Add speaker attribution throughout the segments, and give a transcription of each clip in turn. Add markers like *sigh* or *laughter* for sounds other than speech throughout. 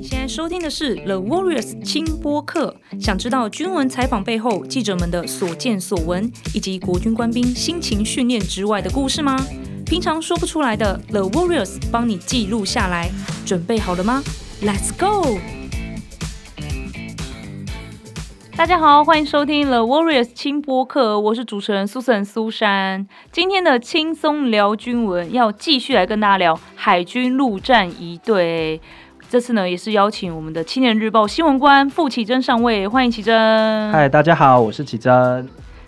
Speaker 1: 你現在收聽的是《The Warriors》青播客。想知道軍聞採訪背後記者們的所見所聞，以及國軍官兵辛勤訓練之外的故事嗎？平常說不出來的，《The Warriors》幫你記錄下來。準備好了嗎？Let's go！ 大家好，歡迎收聽《The Warriors》青播客，我是主持人 Susan 蘇珊。今天的輕鬆聊軍聞，要繼續來跟大家聊海軍陸戰儀隊。這次呢，也是邀請我們的《青年日報》新聞官傅啟禎上尉，歡迎啟禎。嗨，
Speaker 2: 大家好，我是啟禎。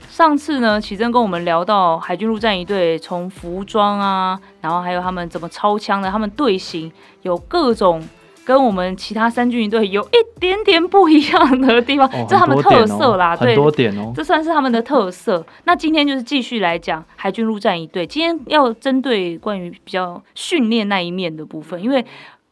Speaker 1: 上次呢，啟禎跟我們聊到海軍陸戰儀隊，從服裝啊，然後還有他們怎麼操槍的，他們隊形有各種跟我們其他三軍儀隊有一點點不一樣的地方，這、哦、他們特色啦，點哦、對，多點哦，這算是他們的特色。 *laughs* 那今天就是繼續來講海軍陸戰儀隊，今天要針對關於比較訓練那一面的部分，因為。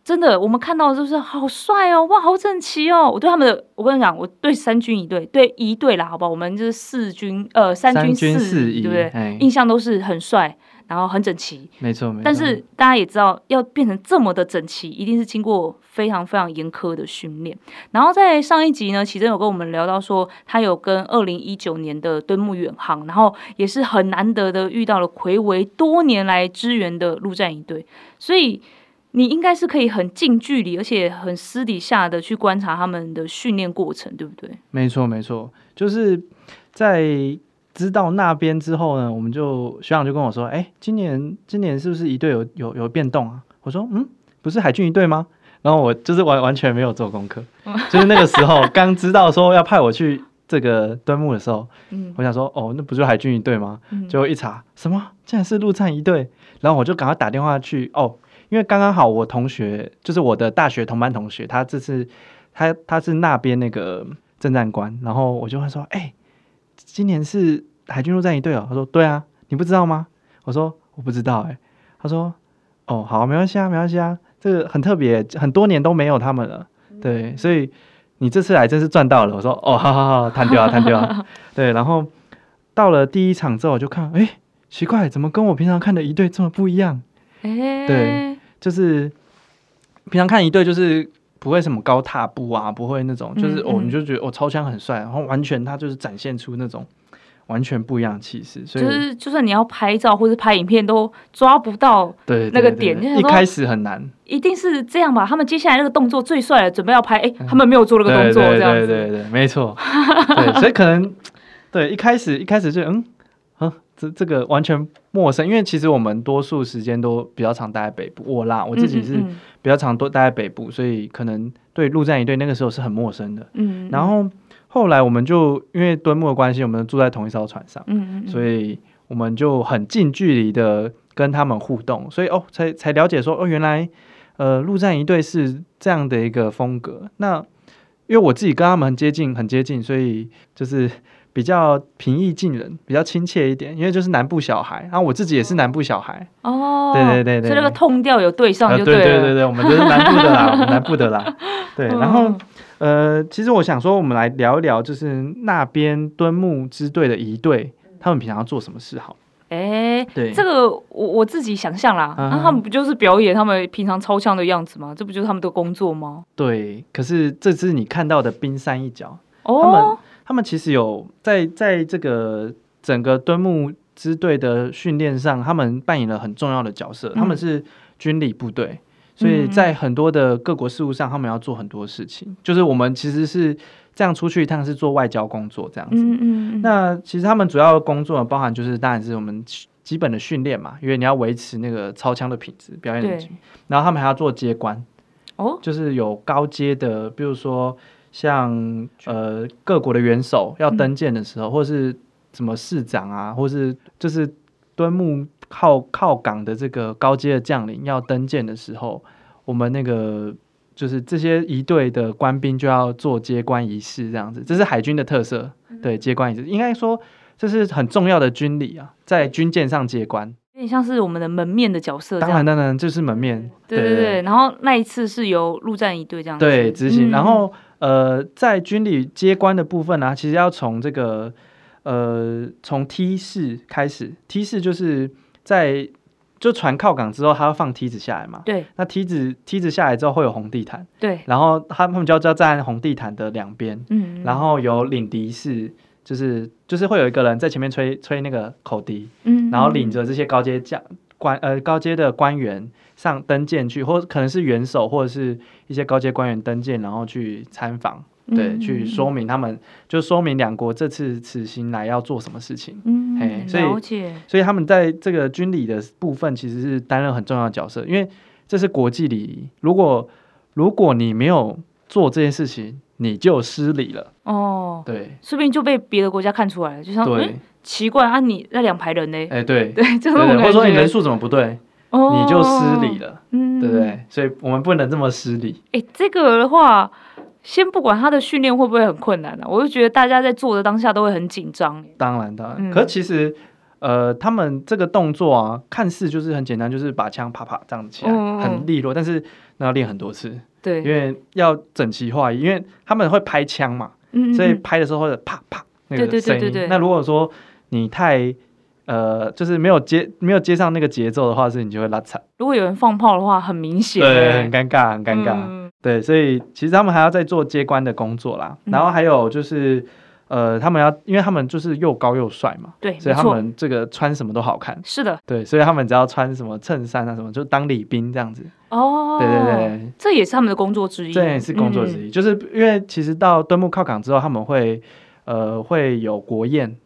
Speaker 1: 真的，我們看到的就是好帥哦，哇，好整齊哦！我對他們的，我跟你講，我對三軍儀隊、對儀隊啦，好不好？我們就是四軍，呃，三軍四，軍四對不對？哎、印象都是很帥，然後很整齊，
Speaker 2: 沒錯沒錯。但是
Speaker 1: 錯大家也知道，要變成這麼的整齊，一定是經過非常非常嚴苛的訓練。然後在上一集呢，啟禎有跟我們聊到說，他有跟二零一九年的敦睦遠航，然後也是很難得的遇到了睽違多年來支援的陸戰儀隊，所以。你應該是可以很近距離，而且很私底下的去觀察他們的訓練過程，對不對？
Speaker 2: 沒錯，沒錯，就是在知道那邊之後呢，我們就學長就跟我說：“哎，今年今年是不是儀隊有有有變動啊？”我說：“嗯，不是海軍儀隊嗎？”然後我就是完完全沒有做功課，
Speaker 1: *laughs* 就是那個時
Speaker 2: 候剛知道說要派我去這個敦睦的時候，嗯， *laughs* 我想說：“哦，那不就海軍儀隊嗎？” *laughs* 結果一查，什麼竟然是陸戰儀隊，然後我就趕快打電話去哦。因為剛剛好，我同學就是我的大學同班同學，他這次他他是那邊那個政戰官，然後我就會說：“哎、欸，今年是海軍陸戰儀隊哦？”他說：“對啊，你不知道嗎？”我說：“我不知道、欸。”誒他說：“哦，好，沒關係啊，沒關係啊，這個很特別，很多年都沒有他們了。”對，所以你這次來真是賺到了。我說：“哦，好好好，貪掉、啊，貪掉。”對，然後到了第一場之後，我就看，哎、欸，奇怪，怎麼跟我平常看的儀隊這麼不一樣？
Speaker 1: 誒、欸、對。
Speaker 2: 就是平常看一對，就是不會什麼高踏步啊，不會那種，嗯、就是哦，你就覺得哦，操槍很帥，然後完全他就是展現出那種完全不一樣的氣勢。所以就是，
Speaker 1: 就算你要拍照或者拍影片，都抓不到那個點，一開始很難。一定是這樣吧？他們接下來那個動作最帥了，準備要拍，哎、欸，他們沒有做那個動作，這樣子，對對，對，對對，沒錯。 *laughs* 所以可
Speaker 2: 能對一開始一開始就嗯。這這個完全陌生，因為其實我們多數時間都比較常待在北部。我啦，我自己是比較常多待在北部，嗯嗯，所以可能對陸戰儀隊那個時候是很陌生的。嗯，嗯，然後後來我們就因為敦睦的關係，我們住在同一艘船上，嗯哼，嗯哼，所以我們就很近距離的跟他們互動，所以哦，才才了解說哦，原來呃陸戰儀隊是這樣的一個風格。那因為我自己跟他們很接近，很接近，所以就是。比較平易近人，比較親切一點，因為就是南部小孩啊，我自己也是南部小孩
Speaker 1: 哦，嗯、對，對對對對，所以那個調調有對上就對了。啊、對對對對，我們就是南部的啦， *laughs* 我們南
Speaker 2: 部的啦。對，然後、嗯、呃，其實我想說，我們來聊一聊，就是那邊敦睦支隊的儀隊，他們平常要做什麼事好？哎、
Speaker 1: 欸，對，這個我我自己想象啦，那、啊、他們不就是表演他們平常操槍的樣子嗎？這不就是他們的工作嗎？
Speaker 2: 對，可是這只是你看到的冰山一角哦。他們其實有在在這個整個敦睦支隊的訓練上，他們扮演了很重要的角色。嗯、他們是軍禮部隊，所以在很多的各國事務上，嗯、他們要做很多事情。就是我們其實是這樣出去一趟，是做外交工作這樣子。嗯嗯嗯，那其實他們主要的工作的包含就是，當然是我們基本的訓練嘛，因為你要維持那個操槍的品質、表演對然後他們還要做接官哦，就是有高階的，比如說。像呃，各國的元首要登艦的時候，嗯、或是什麼市長啊，或是就是敦睦靠靠港的這個高階的將領要登艦的時候，我們那個就是這些儀隊的官兵就要做接官儀式，這樣子，這是海軍的特色，嗯、對接官儀式應該說這是很重要的軍禮啊，在軍艦上接官，有
Speaker 1: 點像是我們的門面的角色當。當然
Speaker 2: 當然，這是門面。對對對，對
Speaker 1: 然後那一次是由陸戰儀隊這樣子對執行，然後。
Speaker 2: 嗯呃，在軍禮接官的部分呢、啊，其實要從這個呃從梯式開始，梯式就是在就船靠港之後，它要放梯子下來嘛。對，那梯子梯子下來之後會有紅地毯。對，然後他他們就要站在紅地毯的兩邊，嗯對，然後有禮笛士，就是就是會有一個人在前面吹吹那個口笛，嗯對，然後領着這些高階將官呃，高階的官員上登艦去，或可能是元首或者是一些高階官員登艦，然後去參訪，對，嗯、去說明他們就說明兩國這次此行來要做什麼事情。嗯，所以，了解。所以他們在這個軍禮的部分其實是擔任很重要的角色，因為這是國際禮儀。如果如果你沒有做這件事情，你就失禮了。哦，對，
Speaker 1: 說不定就被別的國家看出來了，就像對。奇怪啊，你那兩排人呢？哎，對對，或者說你人數怎麼不對，你就失禮了，對不對？
Speaker 2: 所以我們不能這麼失禮。
Speaker 1: 哎，這個的話，先不管他的訓練會不會很困難呢？我就覺得大家在做的當下都會很緊張。
Speaker 2: 當然，當然。可是其實，呃，他們這個動作啊，看似就是很簡單，就是把槍啪啪這樣子起來，很利落。但是那要練很多次，對，因為要整齊劃一，因為他們會拍槍嘛，所以拍的時候會有啪啪那個聲音。那如果說你太，呃，就是沒有接沒有接上那個節奏的話，是你就會拉扯。
Speaker 1: 如果有人放炮的話，很明顯，對，很
Speaker 2: 尷尬，很尷尬。嗯、對，所以其實他們還要再做接官的工作啦。嗯、然後還有就是，呃，他們要，因為他們就是又高又帥嘛，對，所以他們這個穿什麼都好看。是的，對，所以他們只要穿什麼襯衫啊什麼，就當禮兵這樣子。哦，對對對，
Speaker 1: 這也是他們的工作之一。對，也是工作之一，嗯嗯，
Speaker 2: 就是因為其實到敦睦靠港之後，他們會，呃，會有國宴。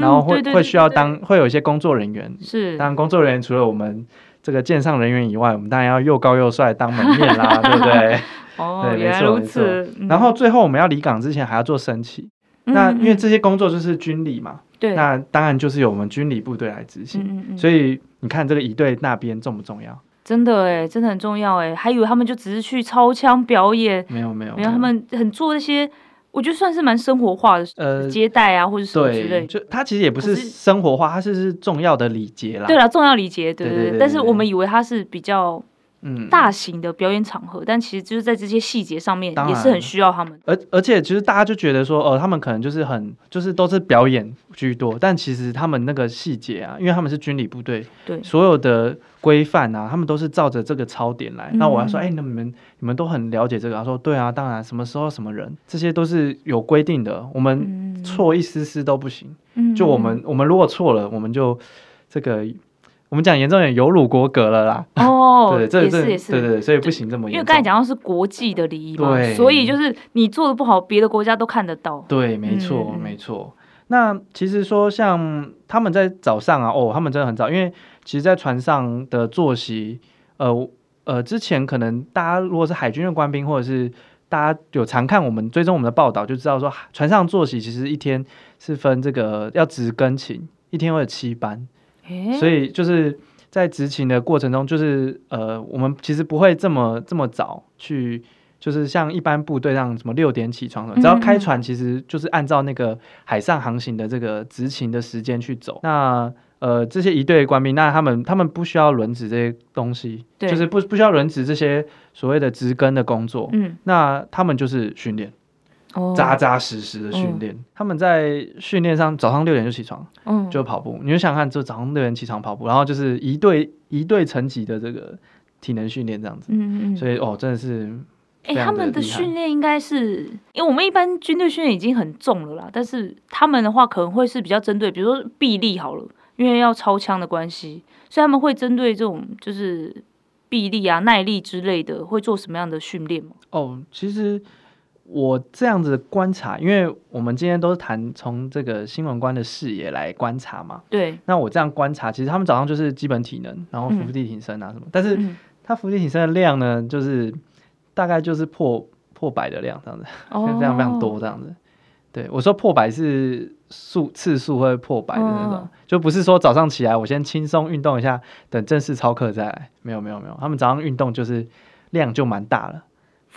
Speaker 1: 然後會會需
Speaker 2: 要當會有一些工作人員，是當然工作人員除了我們這個艦上人員以外，我們當然要又高又帥當門面啦，對不對？哦，
Speaker 1: 原來如此。然
Speaker 2: 後最後我們要離港之前還要做升旗，那因為這些工作就是軍禮嘛，對，那當然就是由我們軍禮部隊來執行。嗯嗯嗯，所以你看這個儀隊那邊重不重要？
Speaker 1: 真的耶，真的很重要耶，還以為他們就只是去操槍表演，沒有沒有，沒有他們很做那些。我覺得算是蠻生活化的、呃、接待啊，或者什麼之類，就
Speaker 2: 它其實也不是生活化，是它是重要的禮節啦。對啦，重
Speaker 1: 要禮節，對對對。對對對對對，但是我們以為它是比較。嗯，大型的表演場合，但其實就是在這些細節上面然也是很需要他們。
Speaker 2: 而而且其實大家就覺得說，呃，他們可能就是很就是都是表演居多，但其實他們那個細節啊，因為他們是軍禮部隊，對，所有的規範啊，他們都是照着這個操典來。嗯、那我要說，哎、欸，你們你們都很了解這個？他說，對啊，當然，什麼時候什麼人，這些都是有規定的。我們錯一絲絲都不行。嗯，就我們我們如果錯了，我們就這個。我們講嚴重點，有辱國格了啦。哦，oh, *laughs* 對，這是也是對，對對，所以不行這麼嚴。因為剛才
Speaker 1: 講到是國際的禮儀嘛，對所以就是你做的不好，別的國家都看得到。對，
Speaker 2: 沒錯，嗯、沒錯。那其實說像他們在早上啊，哦，他們真的很早，因為其實，在船上的作息，呃呃，之前可能大家如果是海軍的官兵，或者是大家有常看我們追蹤我們的報道，就知道說船上作息其實一天是分這個要值更勤，一天會有七班。所以就是在執勤的過程中，就是呃，我們其實不會這麼這麼早去，就是像一般部隊讓什麼六點起床的，只要開船，其實就是按照那個海上航行的這個執勤的時間去走。那呃，這些儀隊官兵，那他們他們不需要輪值這些東西，對就是不不需要輪值這些所謂的值更的工作。嗯，那他們就是訓練。紮紮實實的訓練，哦嗯、他們在訓練上早上六點就起床，嗯，就跑步。你就想看，就早上六點起床跑步，然後就是一隊一隊層級的這個體能訓練這樣子，嗯嗯。所以哦，真的是
Speaker 1: 的，哎、欸，他們的訓練應該是，因為我們一般軍隊訓練已經很重了啦，但是他們的話可能會是比較針對，比如說臂力好了，因為要操槍的關係，所以他們會針對這種就是臂力啊、耐力之類的，會做什麼樣的訓練嗎？
Speaker 2: 哦，其實。我這樣子觀察，因為我們今天都是談從這個新聞官的視野來觀察嘛。對。那我這樣觀察，其實他們早上就是基本體能，然後伏地挺身啊什麼。嗯、但是，他伏地挺身的量呢，就是大概就是破破百的量這樣子，非常、哦、非常多這樣子。對我說破百是數次數會破百的那種，哦、就不是說早上起來我先輕鬆運動一下，等正式操課再來。沒有沒有沒有，他們早上運動就是量就蠻大了。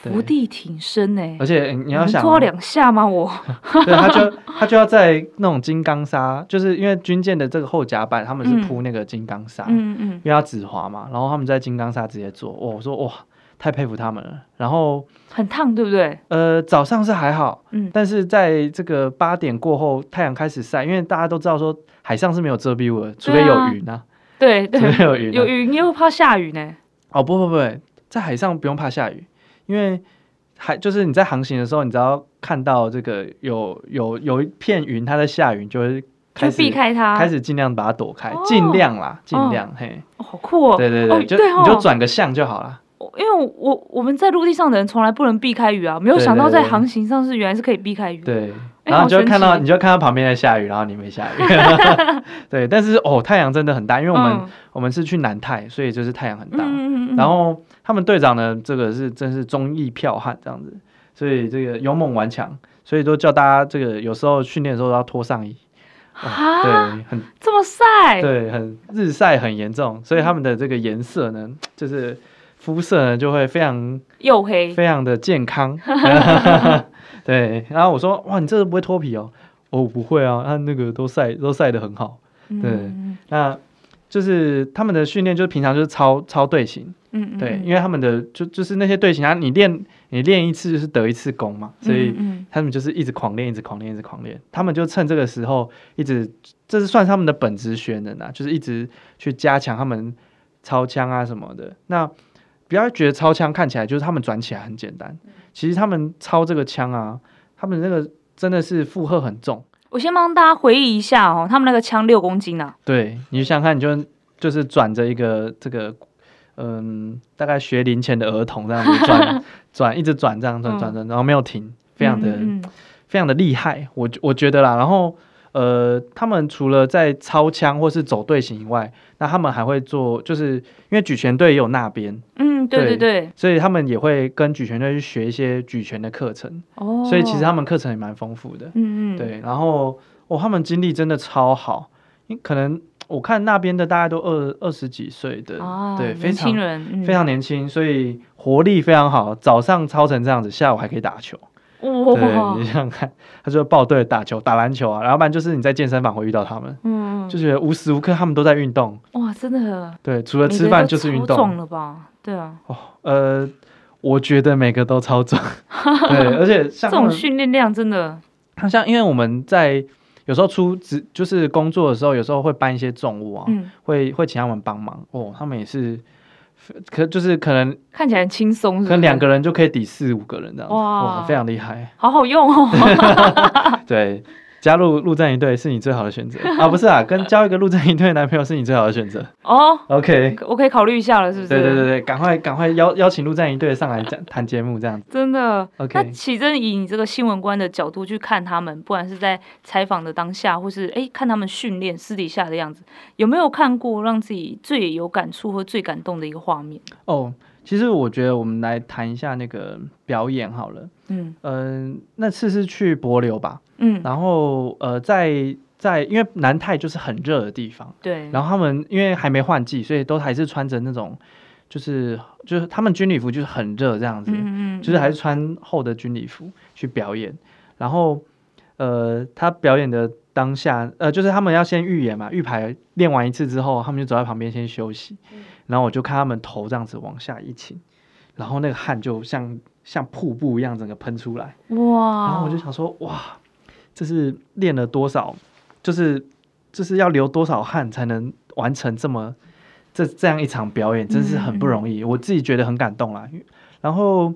Speaker 2: 對伏
Speaker 1: 地挺身哎、欸，而
Speaker 2: 且你要想抓兩
Speaker 1: 下嗎？我 *laughs* 對，他就
Speaker 2: 他就要在那種金剛砂，就是因為軍艦的這個後甲板、嗯、他們是鋪那個金剛砂，嗯嗯，嗯因為它止滑嘛，然後他們在金剛砂直接做、哦，我說哇，太佩服他們了。然後很燙，對不對？呃，早上是還好，嗯、但是在這個八點過後，太陽開始曬，因為大家都知道說海上是沒有遮蔽物的，除非有雲呢。
Speaker 1: 對對，除非有雲、啊、有雲又怕下雨呢。
Speaker 2: 哦不，不不不，在海上不用怕下雨。因為還，還就是你在航行的時候，你只要看到這個有有有一片雲，它在下雨，就會開始就避開它，開始盡量把它躲開，盡量啦、哦，盡量、哦、嘿、哦，好
Speaker 1: 酷哦！對對對，就哦對哦、你就轉
Speaker 2: 個向就好了。
Speaker 1: 因為我我，我們在陸地上的人從來不能避開雨啊，沒有想到在航行上是原來是可以避開雨。對，
Speaker 2: 對，對，對。對然後你就看到，哎、你就看到旁邊在下雨，然後你沒下雨。 *laughs* *laughs* 對，但是哦，太陽真的很大，因為我們、嗯、我們是去南太，所以就是太陽很大。嗯、
Speaker 1: 哼哼哼哼然後
Speaker 2: 他們隊長呢，這個是真是忠義剽悍這樣子，所以這個勇猛頑強，所以都叫大家這個有時候訓練的時候都要脫上衣
Speaker 1: 哈、嗯。對，很這麼曬，對，
Speaker 2: 很日曬很嚴重，所以他們的這個顏色呢，就是膚色呢就會非常
Speaker 1: 又黑，非
Speaker 2: 常的健康。 *laughs* *laughs* 對，然後我說，哇，你這個不會脫皮哦？我、哦、不會啊，他、啊、那個都曬，都曬得很好。
Speaker 1: 對，嗯、
Speaker 2: 那就是他們的訓練，就是平常就是操操隊形，嗯嗯對，因為他們的就就是那些隊形啊，你練你練一次就是得一次功嘛，所以他們就是一直狂練，一直狂練，一直狂練。他們就趁這個時候，一直這是算他們的本職學能啊，就是一直去加強他們操槍啊什麼的。那。不要覺得操槍看起來就是他們轉起來很簡單，嗯、其實他們操這個槍啊，他們那個真的是負荷很重。
Speaker 1: 我先幫大家回憶一下哦，他們那個槍六公斤呢、啊。
Speaker 2: 對，你想想看，你就就是轉着一個這個，嗯、呃，大概學齡前的兒童這樣子轉轉 *laughs* 一直轉，這樣轉轉轉，嗯、然後沒有停，非常的嗯嗯非常的厲害。我我覺得啦，然後。呃，他們除了在操槍或是走隊形以外，那他們還會做，就是因為莒拳隊也有那邊，嗯，
Speaker 1: 對對對，對，
Speaker 2: 所以他們也會跟莒拳隊去學一些莒拳的課程。哦，所以其實他們課程也蠻豐富的，嗯嗯，對。然後，哦，他們精力真的超好，因可能我看那邊的大概都二二十幾歲的，哦、對，非常、年輕人、嗯、非常年輕，所以活力非常好。早上操成這樣子，下午還可以打球。對哇你想想看，他就抱隊打球，打籃球啊，然後不然就是你在健身房會遇到他們，嗯，嗯，就覺得無時無刻他們都在運動。哇，
Speaker 1: 真的。對，除了吃飯就是運動。超壯
Speaker 2: 了吧？對啊。哦，呃，我覺得每個都超壯。 *laughs* 對，而且像這種訓
Speaker 1: 練量真的。好
Speaker 2: 像因為我們在有時候出職就是工作的時候，有時候會搬一些重物啊，嗯、會會請他們幫忙。哦，他們也是。可就是可能
Speaker 1: 看起來輕鬆，可能兩個
Speaker 2: 人就可以抵四五個人這樣子，wow，哇，非常厲害，
Speaker 1: 好好用哦， *laughs*
Speaker 2: *laughs* 對。加入陸戰儀隊是你最好的選擇啊！不是啊，跟交一個陸戰儀隊的男朋友是你最好的選擇
Speaker 1: 哦。Oh, OK，我可以考慮一下了，是不是？對對
Speaker 2: 對，趕快趕快邀邀請陸戰儀隊上來講談節目，這樣子
Speaker 1: 真的。OK，那啟禎以你這個新聞官的角度去看他們，不管是在採訪的當下，或是哎、欸、看他們訓練私底下的樣子，有沒有看過讓自己最有感觸或最感動的一個畫面？
Speaker 2: 哦，oh, 其實我覺得我們來談一下那個表演好
Speaker 1: 了。
Speaker 2: 嗯嗯、呃，那次是去帛琉吧。嗯，然後呃，在在因為南太就是很熱的地方，對。然後他們因為還沒換季，所以都還是穿着那種，就是就是他們軍禮服就是很熱這樣子，嗯，嗯，嗯，嗯。就是還是穿厚的軍禮服去表演。然後呃，他表演的當下，呃，就是他們要先預演嘛，預排練完一次之後，他們就走在旁邊先休息。嗯。然後我就看他們頭這樣子往下一傾，然後那個汗就像像瀑布一樣整個噴出來，
Speaker 1: 哇。然後我
Speaker 2: 就想說，哇。這是練了多少，就是就是要流多少汗才能完成這麼這這樣一場表演，真是很不容易。嗯、我自己覺得很感動啦。然後，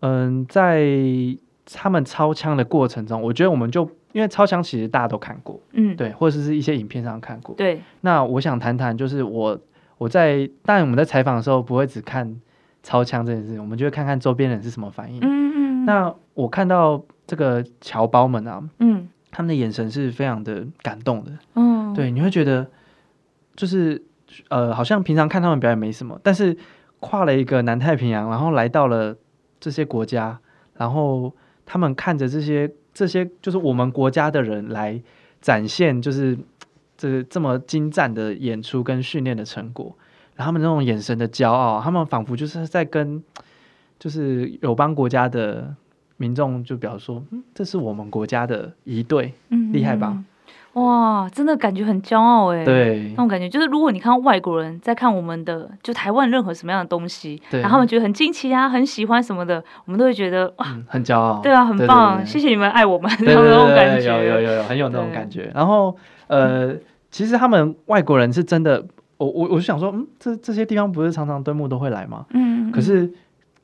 Speaker 2: 嗯，在他們操槍的過程中，我覺得我們就因為操槍其實大家都看過，嗯，對，或者是一些影片上看過，對。那我想談談，就是我我在當然，我們在採訪的時候不會只看操槍這件事，我們就會看看週邊人是什麼反應。嗯嗯。那我看到。這個僑胞們啊，嗯，他們的眼神是非常的感動的，嗯，對，你會覺得就是呃，好像平常看他們表演沒什麼，但是跨了一個南太平洋，然後來到了這些國家，然後他們看着這些這些，這些就是我們國家的人來展現，就是這這麼精湛的演出跟訓練的成果，然後他們那種眼神的驕傲，他們仿佛就是在跟就是友邦國家的。民眾就表示說：“這是我們國家的儀隊，厲害吧？
Speaker 1: 哇，真的感覺很驕傲哎！對，那種感覺就是，如果你看外國人在看我們的，就台灣任何什麼樣的東西，然後他們覺得很驚奇啊，很喜歡什麼的，我們都會覺得哇，
Speaker 2: 很驕傲。對啊，很棒，
Speaker 1: 謝謝你們愛我們，那種感覺有有有很有那種感
Speaker 2: 覺。然後呃，其實他們外國人是真的，我我我就想說，嗯，這這些地方不是常常敦睦都會來嗎？嗯，可是。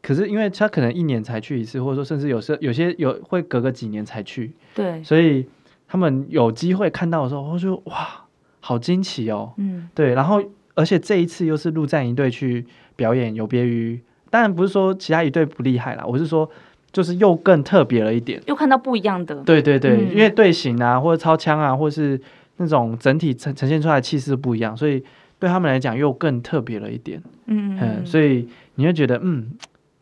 Speaker 2: 可是，因為他可能一年才去一次，或者說甚至有時候有些有會隔個幾年才去，對，所以他們有機會看到的時候，我就哇，好驚奇哦、喔，嗯，對，然後而且這一次又是陸戰儀隊去表演，有別於當然不是說其他儀隊不厲害啦，我是說就是又更特別了一點，
Speaker 1: 又看到不一樣的，對對對，嗯、因為
Speaker 2: 隊形啊，或者操槍啊，或者是那種整體呈呈現出來的氣勢不一樣，所以對他們來講又更特別了一點，嗯嗯，所以你會覺得嗯。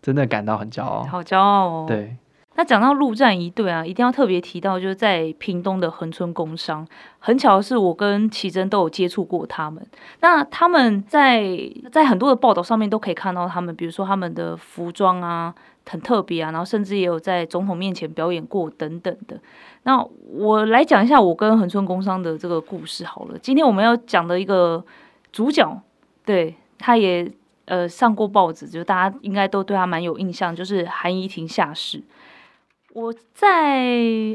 Speaker 2: 真的感到很驕傲，
Speaker 1: 好驕傲哦！對，那講到陸戰儀隊啊，一定要特別提到，就是在屏東的恆春工商。很巧的是，我跟啟禎都有接觸過他們。那他們在在很多的報道上面都可以看到他們，比如說他們的服裝啊很特別啊，然後甚至也有在總統面前表演過等等的。那我來講一下我跟恆春工商的這個故事好了。今天我們要講的一個主角，對他也。呃，上過報紙，就大家應該都對他蠻有印象，就是韓一婷下士。我在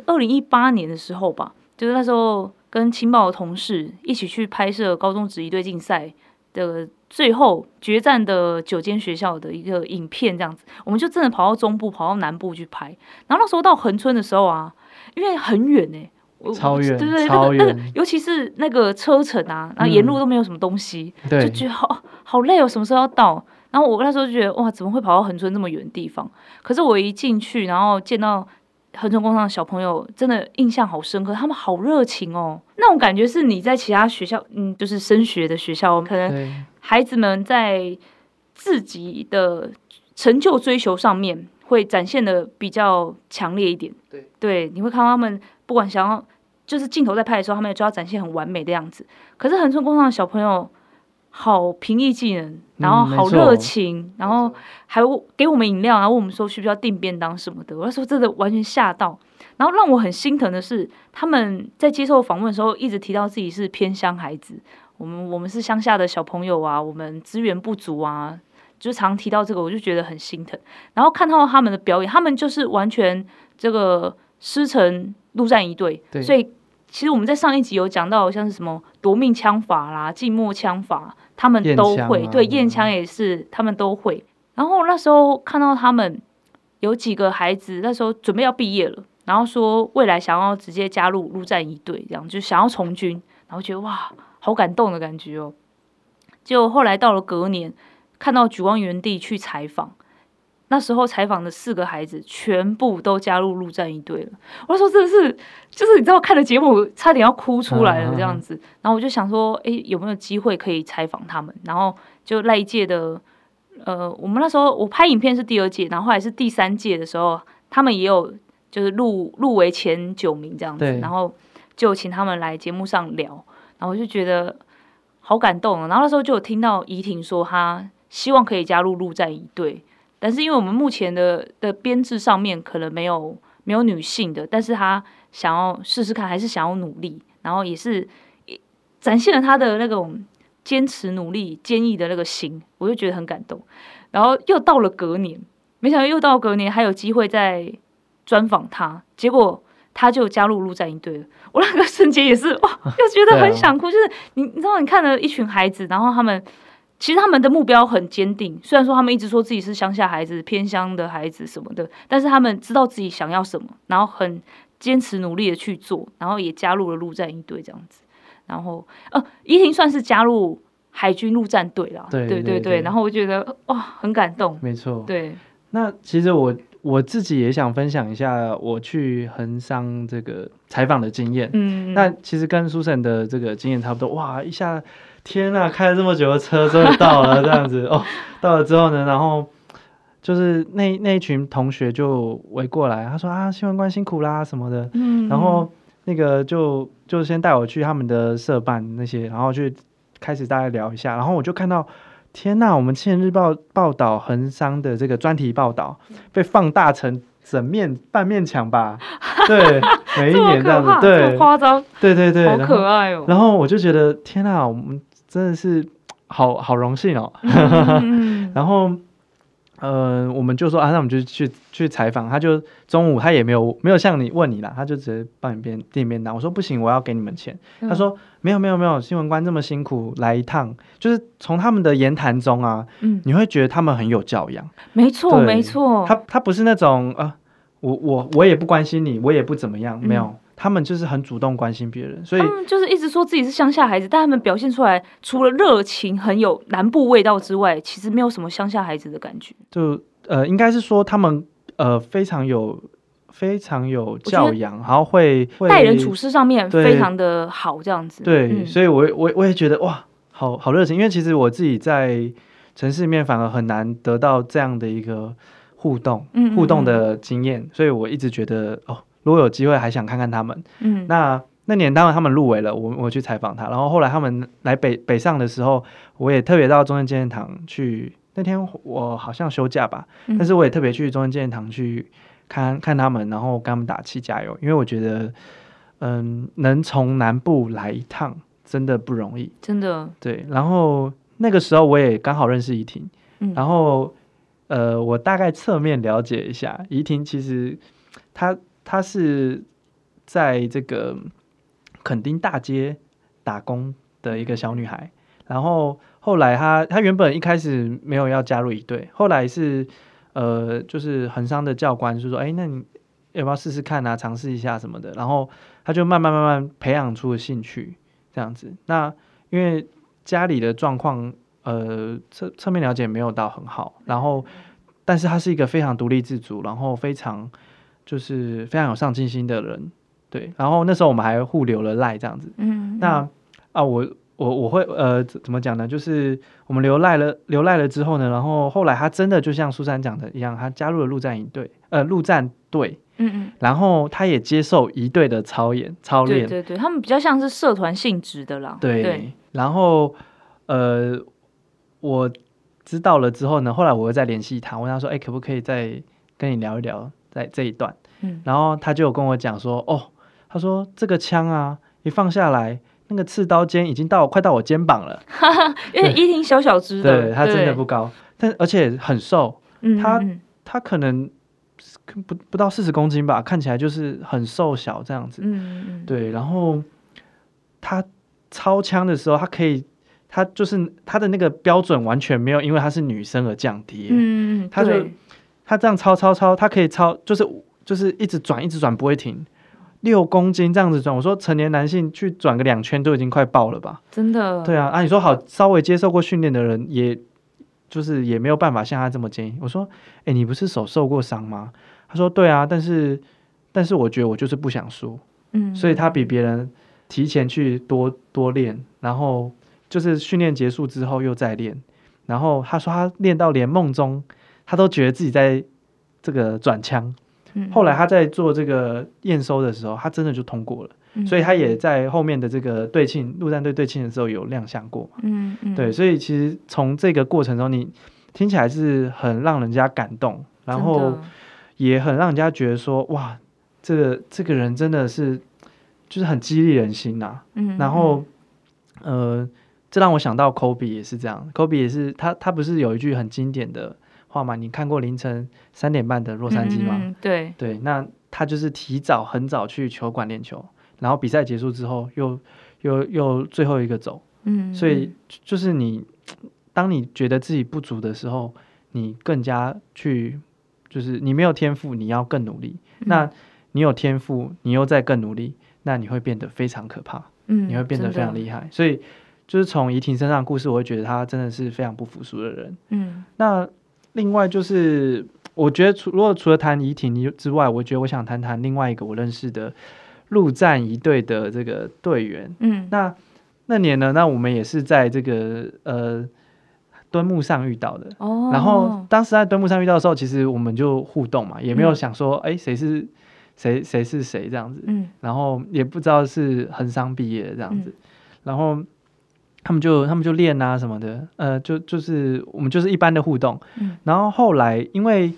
Speaker 1: 二零一八年的時候吧，就是那時候跟青報的同事一起去拍攝高中職儀隊競賽的最後決戰的九間學校的一個影片，這樣子，我們就真的跑到中部，跑到南部去拍。然後那時候到恆春的時候啊，因為很遠呢、欸。超遠，對對，對遠那，那個那個，尤其是那個車程啊，然後沿路都沒有什麼東西，嗯、對就覺得好好累哦，什麼時候要到？然後我那時候就覺得哇，怎麼會跑到恆春這麼遠的地方？可是我一進去，然後見到恆春工商的小朋友，真的印象好深刻，他們好熱情哦，那種感覺是你在其他學校，嗯，就是升學的學校，可能孩子們在自己的成就追求上面。會展現的比較強烈一點，對，對你會看到他們不管想要就是鏡頭在拍的時候，他們也就要展現很完美的樣子。可是恆春工商的小朋友好平易近人，然後好熱情，嗯、然後還給我們飲料，然後問我們說需不需要訂便當什麼的。我那時候真的完全嚇到，然後讓我很心疼的是，他們在接受訪問的時候一直提到自己是偏鄉孩子，我們我們是鄉下的小朋友啊，我們資源不足啊。就常提到這個，我就覺得很心疼。然後看到他們的表演，他們就是完全這個師承陸戰儀隊，對。所以其實我們在上一集有講到，像是什麼奪命槍法啦、靜默槍法，他們都會。啊、對，驗槍也是、嗯、他們都會。然後那時候看到他們有幾個孩子，那時候準備要畢業了，然後說未來想要直接加入陸戰儀隊，這樣就想要從軍，然後覺得哇，好感動的感覺哦、喔。就後來到了隔年。看到舉光原地去採訪，那時候採訪的四個孩子全部都加入陸戰儀隊了。我說真的是，就是你知道，看的節目差點要哭出來了這樣子。啊、然後我就想說，哎、欸，有沒有機會可以採訪他們？然後就那一屆的，呃，我們那時候我拍影片是第二屆，然後還是第三屆的時候，他們也有就是入入圍前九名這樣子，對然後就請他們來節目上聊。然後我就覺得好感動哦、喔。然後那時候就有聽到怡婷說她。希望可以加入陸戰儀隊，但是因為我們目前的的編制上面可能沒有沒有女性的，但是他想要試試看，還是想要努力，然後也是也展現了他的那種堅持努力，堅毅的那個心，我就覺得很感動。然後又到了隔年，沒想到又到隔年還有機會再專訪他，結果他就加入陸戰儀隊了。我那個瞬間也是哇，又覺得很想哭， *laughs* 啊、就是你你知道你看了一群孩子，然後他們。其實他們的目標很堅定，雖然說他們一直說自己是鄉下孩子、偏鄉的孩子什麼的，但是他們知道自己想要什麼，然後很堅持努力的去做，然後也加入了陸戰儀隊這樣子，然後呃，啊，怡婷算是加入海軍陸戰隊了，對，對對對，對對對，然後我覺得哇，很感動，沒錯，對，
Speaker 2: 那其實我。我自己也想分享一下我去恆商這個採訪的經驗，嗯，那其實跟蘇珊的這個經驗差不多，哇，一下天吶，啊，開了這麼久的車終於到了，這樣子 *laughs* 哦，到了之後呢，然後就是那那一群同學就圍過來，他說啊，新聞官辛苦啦什麼的，嗯，然後那個就就先帶我去他們的社辦那些，然後去開始大家聊一下，然後我就看到。天吶，我們《青年日報》報道恆商的這個專題報道被放大成整面半面牆吧？ *laughs* 對，每一年這樣子，這麼可怕，對這麼誇張，對對對，好可愛哦。然後，然後我就覺得，天吶，我們真的是好好榮幸哦。然後。呃，我們就說啊，那我們就去去採訪他，就中午他也沒有沒有向你問你啦，他就直接幫你邊店邊拿。我說不行，我要給你們錢。嗯、他說沒有沒有沒有，新聞官這麼辛苦來一趟，就是從他們的言談中啊，嗯、你會覺得他們很有教養。
Speaker 1: 沒錯沒錯，他
Speaker 2: 他不是那種啊，我我我也不關心你，我也不怎麼樣，嗯、沒有。他們就是很主動關心別人，所以他
Speaker 1: 們就是一直說自己是鄉下孩子，但他們表現出來除了熱情很有南部味道之外，其實沒有什麼鄉下孩子的感覺。
Speaker 2: 就呃，應該是說他們呃非常有非常有教養，然後會，會待人處事上面非常
Speaker 1: 的好這樣子。對，對嗯、所
Speaker 2: 以我我我也覺得哇，好好熱情，因為其實我自己在城市裡面反而很難得到這樣的一個互動嗯嗯嗯互動的經驗，所以我一直覺得哦。如果有機會，還想看看他們。嗯，那那年當然他們入圍了，我我去採訪他，然後後來他們來北北上的時候，我也特別到中正紀念堂去。那天我好像休假吧，嗯、但是我也特別去中正紀念堂去看看他們，然後跟他們打氣加油，因為我覺得，嗯，能從南部來一趟真的不容易，真的對。然後那個時候我也剛好認識怡婷，嗯、然後呃，我大概側面了解一下怡婷，其實她。她是在這個墾丁大街打工的一個小女孩，然後後來她她原本一開始沒有要加入儀隊，後來是呃就是恆商的教官就是說，哎、欸，那你要不要試試看啊，嘗試一下什麼的，然後她就慢慢慢慢培養出了興趣，這樣子。那因為家裡的狀況，呃側側面了解沒有到很好，然後但是她是一個非常獨立自主，然後非常。就是非常有上進心的人，對。然後那時候我們還互留了賴這樣子。嗯，嗯。那啊，我我我會呃怎麼講呢？就是我們留賴了，留賴了之後呢，然後後來他真的就像蘇珊講的一樣，他加入了陸戰儀隊，呃，陸戰隊。嗯嗯。然後他也接受儀隊的操演操練。對
Speaker 1: 對對，他們比較像是社團性質的啦。對。對，
Speaker 2: 然後呃，我知道了之後呢，後來我又再聯繫他，問他說：“哎、欸，可不可以再跟你聊一聊在這一段？”然後他就跟我講說：“哦，他說這個槍啊，一放下來，那個刺刀尖已經到快到我肩膀
Speaker 1: 了。”哈哈，因為伊婷小小隻，對，她真的不
Speaker 2: 高，對但而且很瘦，她她、嗯、可能不不到四十公斤吧，看起來就是很瘦小這樣子。嗯嗯，對。然後他操槍的時候，他可以，他就是他的那個標準完全沒有因為他是女生而降低。嗯嗯，他就他這樣操操操，他可以操就是。就是一直轉，一直轉，不會停。六公斤這樣子轉，我說成年男性去轉個兩圈都已經快爆了吧？
Speaker 1: 真的？對啊，
Speaker 2: 啊，你說好，稍微接受過訓練的人也，也就是也沒有辦法像他這麼輕易。我說，誒、欸，你不是手受過傷嗎？他說，對啊，但是但是我覺得我就是不想輸。嗯，所以他比別人提前去多多練，然後就是訓練結束之後又再練，然後他說他練到連夢中他都覺得自己在這個轉槍。嗯、後來他在做這個驗收的時候，他真的就通過了，嗯、所以他也在後面的這個隊慶陸戰隊隊慶的時候有亮相過嗯。嗯嗯，對，所以其實從這個過程中，你聽起來是很讓人家感動，然後也很讓人家覺得說，的哇，這個這個人真的是就是很激勵人心吶、啊嗯。嗯，然後呃，這讓我想到科比也是這樣，科比也是他他不是有一句很經典的。話嘛，你看過凌晨三點半的洛杉磯嗎？嗯、對對，那他就是提早很早去球館練球，然後比賽結束之後又又又最後一個走。嗯，所以就是你，當你覺得自己不足的時候，你更加去就是你沒有天賦，你要更努力；嗯、那你有天賦，你又在更努力，那你會變得非常可怕。嗯，你會變得非常厲害。真的。所以就是從怡婷身上的故事，我會覺得他真的是非常不服輸的人。嗯，那。另外就是，我覺得除如果除了談怡婷之外，我覺得我想談談另外一個我認識的陸戰儀隊的這個隊員。嗯，那那年呢，那我們也是在這個呃敦睦上遇到的。哦、然後當時在敦睦上遇到的時候，其實我們就互動嘛，也沒有想說哎誰、嗯欸、是誰誰是誰這樣子。嗯、然後也不知道是恆商畢業這樣子，嗯、然後。他們就他們就練啊什麼的，呃，就就是我們就是一般的互動。嗯、然後後來因為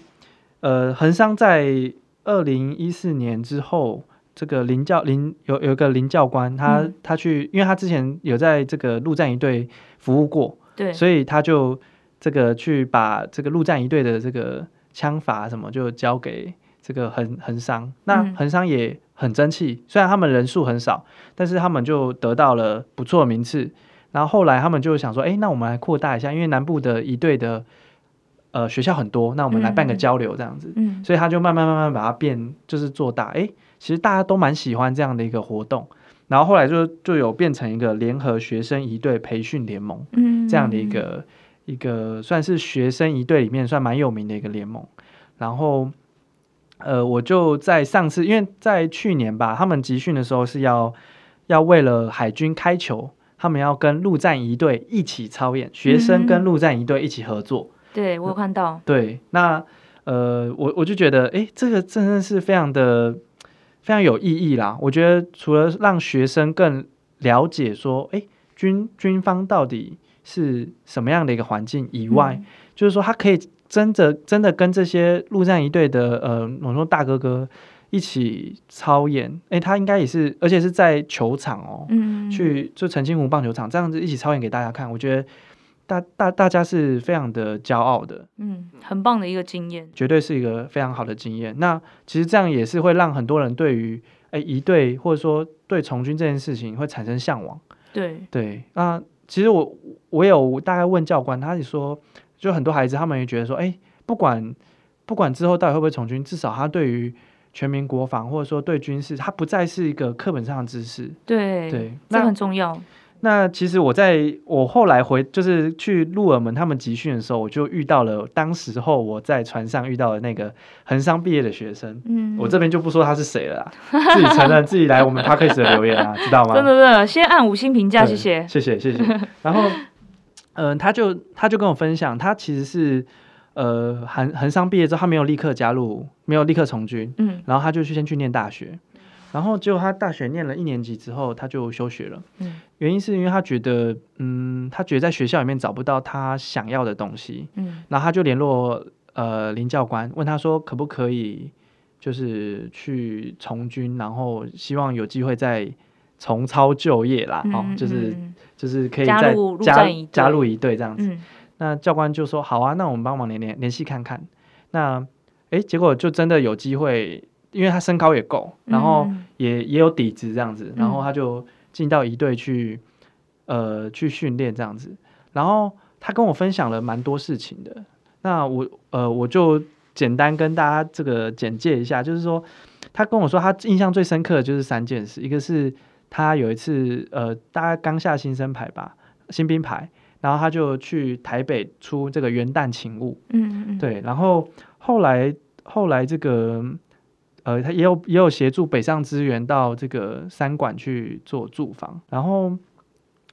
Speaker 2: 呃，恆商在二零一四年之後，這個林教林有有一個林教官，他、嗯、他去，因為他之前有在這個陸戰儀隊服務過，對所以他就這個去把這個陸戰儀隊的這個槍法什麼就交給這個恆恆商。那恆商也很爭氣，嗯、雖然他們人數很少，但是他們就得到了不錯的名次。然後後來他們就想說，哎，那我們來擴大一下，因為南部的儀隊的呃學校很多，那我們來辦個交流這樣子，嗯嗯、所以他就慢慢慢慢把它變，就是做大。哎，其實大家都蠻喜歡這樣的一個活動，然後後來就就有變成一個聯合學生儀隊培訓聯盟，嗯，這樣的一個、嗯、一個算是學生儀隊裡面算蠻有名的一個聯盟。然後呃，我就在上次，因為在去年吧，他們集訓的時候是要要為了海軍開球。他們要跟陸戰儀隊一起操演，嗯、哼學生跟陸戰儀隊一起合作，
Speaker 1: 對我有看到，嗯，
Speaker 2: 對，那呃，我我就覺得，哎，欸，這個真的是非常的非常有意義啦。我覺得除了讓學生更了解說，哎，欸，軍軍方到底是什麼樣的一個環境以外，嗯、就是說他可以真的真的跟這些陸戰儀隊的呃，我說大哥哥。一起操演，哎、欸，他應該也是，而且是在球場哦，嗯，嗯，嗯，去就澄清湖棒球場這樣子一起操演給大家看，我覺得大大大家是非常的驕傲的，
Speaker 1: 嗯，很棒的一個經驗，
Speaker 2: 絕對是一個非常好的經驗。那其實這樣也是會讓很多人對於哎，欸、儀隊或者說對從軍這件事情會產生嚮往，對對。那其實我我有大概問教官，他是說，就很多孩子他們也覺得說，哎、欸，不管不管之後到底會不會從軍，至少他對於全民國防或者說對軍事，它不再是一個課本上的知識。對
Speaker 1: 對，對那這很重要。
Speaker 2: 那其實我在我後來回，就是去鹿耳門他們集訓的時候，我就遇到了當時候我在船上遇到的那個恆商畢業的學生。嗯，我這邊就不說他是誰了， *laughs* 自己承認自己來我們他可 a s e 的留言啊， *laughs* 知道嗎？對，對，
Speaker 1: 對。先按五星評價，謝謝謝謝、嗯、謝謝。謝謝 *laughs*
Speaker 2: 然後，嗯、呃，他就他就跟我分享，他其實是。呃，恆恆商畢業之後，他沒有立刻加入，沒有立刻從軍，嗯，然後他就去先去念大學，然後結果他大學念了一年級之後，他就休學了，嗯，原因是因為他覺得，嗯，他覺得在學校裡面找不到他想要的東西，嗯，然後他就聯絡呃林教官，問他說可不可以就是去從軍，然後希望有機會再重操舊業啦，嗯嗯嗯哦，就是就是可以再加，加入，入一加入儀隊這樣子。嗯那教官就說：“好啊，那我們幫忙聯聯聯繫看看。”那，誒、欸，結果就真的有機會，因為他身高也夠，然後也、嗯、也有底子這樣子，然後他就進到一隊去，呃，去訓練這樣子。然後他跟我分享了蠻多事情的。那我，呃，我就簡單跟大家這個簡介一下，就是說，他跟我說，他印象最深刻的就是三件事，一個是他有一次，呃，大概剛下新生牌吧，新兵牌。然後他就去台北出這個元旦勤務，嗯，嗯對。然後後來後來這個，呃，他也有也有協助北上支援到這個三館去做駐防。然後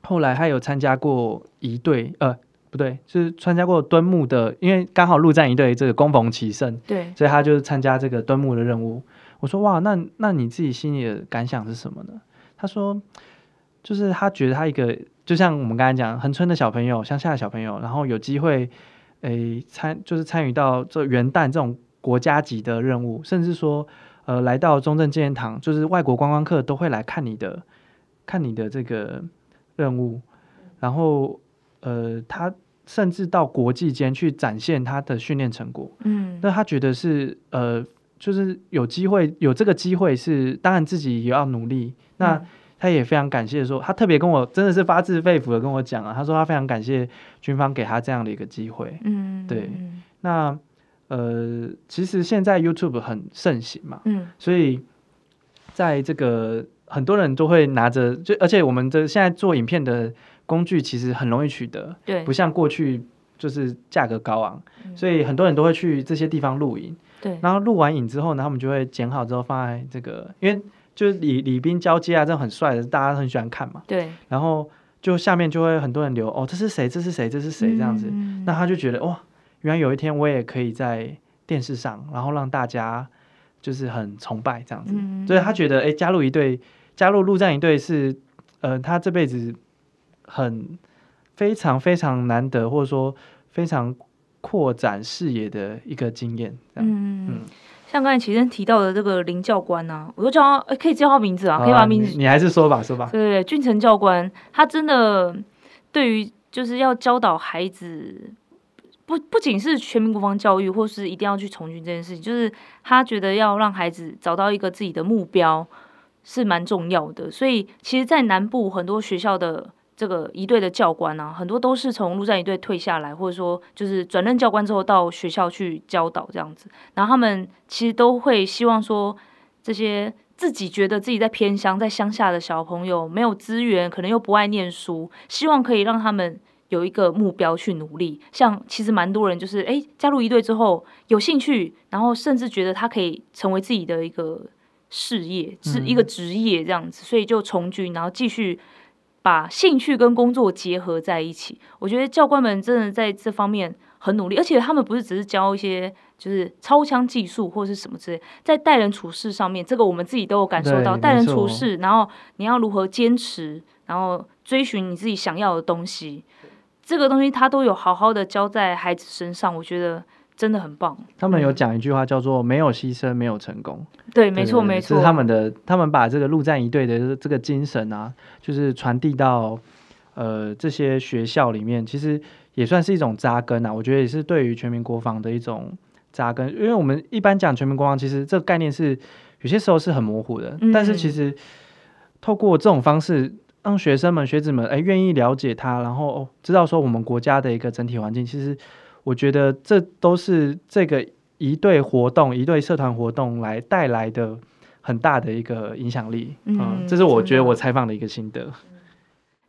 Speaker 2: 後來他有參加過儀隊，呃，不對，就是參加過敦睦的，因為剛好陸戰儀隊這個躬逢其盛，對，所以他就是參加這個敦睦的任務。我說哇，那那你自己心裡的感想是什麼呢？他說。就是他覺得他一個，就像我們剛才講，恆春的小朋友、鄉下的小朋友，然後有機會，誒、欸、參，就是參與到這元旦這種國家級的任務，甚至說，呃，來到中正紀念堂，就是外國觀光客都會來看你的，看你的這個任務，然後，呃，他甚至到國際間去展現他的訓練成果。嗯，那他覺得是，呃，就是有機會，有這個機會是，當然自己也要努力。那、嗯他也非常感謝說，說他特別跟我真的是發自肺腑的跟我講啊，他說他非常感謝軍方給他這樣的一個機會。嗯，對。那呃，其實現在 YouTube 很盛行嘛，嗯，所以在這個很多人都會拿着，就而且我們的現在做影片的工具其實很容易取得，對，不像過去就是價格高昂，嗯，所以很多人都會去這些地方錄影，對。然後錄完影之後呢，他們就會剪好之後放在這個，因為。就是禮禮兵交接啊，這種很帥的，大家很喜歡看嘛。對。然後就下面就會很多人留哦，這是誰？這是誰？這是誰？這樣子。嗯、那他就覺得哇，原來有一天我也可以在電視上，然後讓大家就是很崇拜這樣子。嗯、所以他覺得哎、欸，加入儀隊，加入陸戰儀隊是呃，他這輩子很非常非常難得，或者說非常擴展視野的一個經驗
Speaker 1: 這樣。嗯。嗯像剛才啟禎提到的這個林教官吶、啊，我就叫他，可以叫他名字啊，啊可以把名字你，你還
Speaker 2: 是說吧，說吧。對，
Speaker 1: 俊成教官，他真的對於就是要教導孩子，不不僅是全民國防教育，或是一定要去從軍這件事情，就是他覺得要讓孩子找到一個自己的目標是蠻重要的。所以其實，在南部很多學校的，這個儀隊的教官呢、啊，很多都是從陸戰儀隊退下來，或者說就是轉任教官之後到學校去教導這樣子。然後他們其實都會希望說，這些自己覺得自己在偏鄉、在鄉下的小朋友沒有資源，可能又不愛念書，希望可以讓他們有一個目標去努力。像其實蠻多人就是誒加入儀隊之後有興趣，然後甚至覺得他可以成為自己的一個事業，是、嗯、一個職業這樣子，所以就從軍，然後繼續。把興趣跟工作結合在一起，我覺得教官們真的在這方面很努力，而且他們不是只是教一些就是操槍技術或者是什麼之類，在待人處事上面，這個我們自己都有感受到。待對人處事，錯然後你要如何堅持，然後追尋你自己想要的東西，這個東西他都有好好的教在孩子身上，我覺得。真的很棒。他們
Speaker 2: 有講一句話叫做“沒有犧牲，沒有成功”
Speaker 1: 嗯。對，對，沒錯，沒錯。就是他
Speaker 2: 們的，他們把這個陸戰儀隊的這個精神啊，就是傳遞到呃這些學校裡面，其實也算是一種扎根啊。我覺得也是對於全民國防的一種扎根，因為我們一般講全民國防，其實這個概念是有些時候是很模糊的。嗯、但是其實透過這種方式，讓學生們、學子們哎、欸、願意了解他，然後知道說我們國家的一個整體環境，其實。我覺得這都是這個一對活動、一對社團活動來帶來的很大的一個影響力。嗯，嗯，這是我覺得我採訪的一個心得。嗯，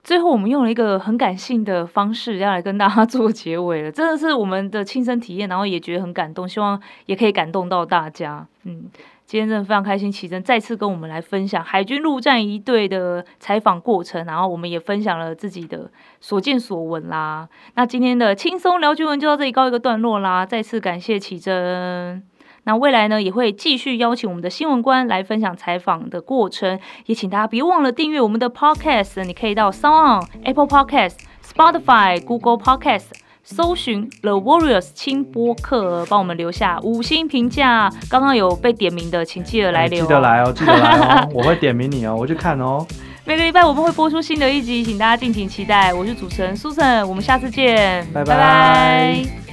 Speaker 1: 最後，我們用了一個很感性的方式要來跟大家做結尾了，真的是我們的親身體驗，然後也覺得很感動，希望也可以感動到大家。嗯。今天真的非常開心，啟禎再次跟我們來分享海軍陸戰儀隊的採訪過程，然後我們也分享了自己的所見所聞啦。那今天的輕鬆聊軍聞就到這裡告一個段落啦，再次感謝啟禎。那未來呢也會繼續邀請我們的新聞官來分享採訪的過程，也請大家別忘了訂閱我們的 podcast，你可以到 Sound、Apple Podcast、Spotify、Google Podcast。搜尋 The Warriors 青播客，幫我們留下五星評價。剛剛有被點名的，請記得來留、哦哎，記得來哦，記得來、哦， *laughs* 我
Speaker 2: 會點名你哦，我去看哦。
Speaker 1: 每個禮拜我們會播出新的一集，請大家敬請期待。我是主持人 Susan，我們下次見，拜拜 bye。Bye bye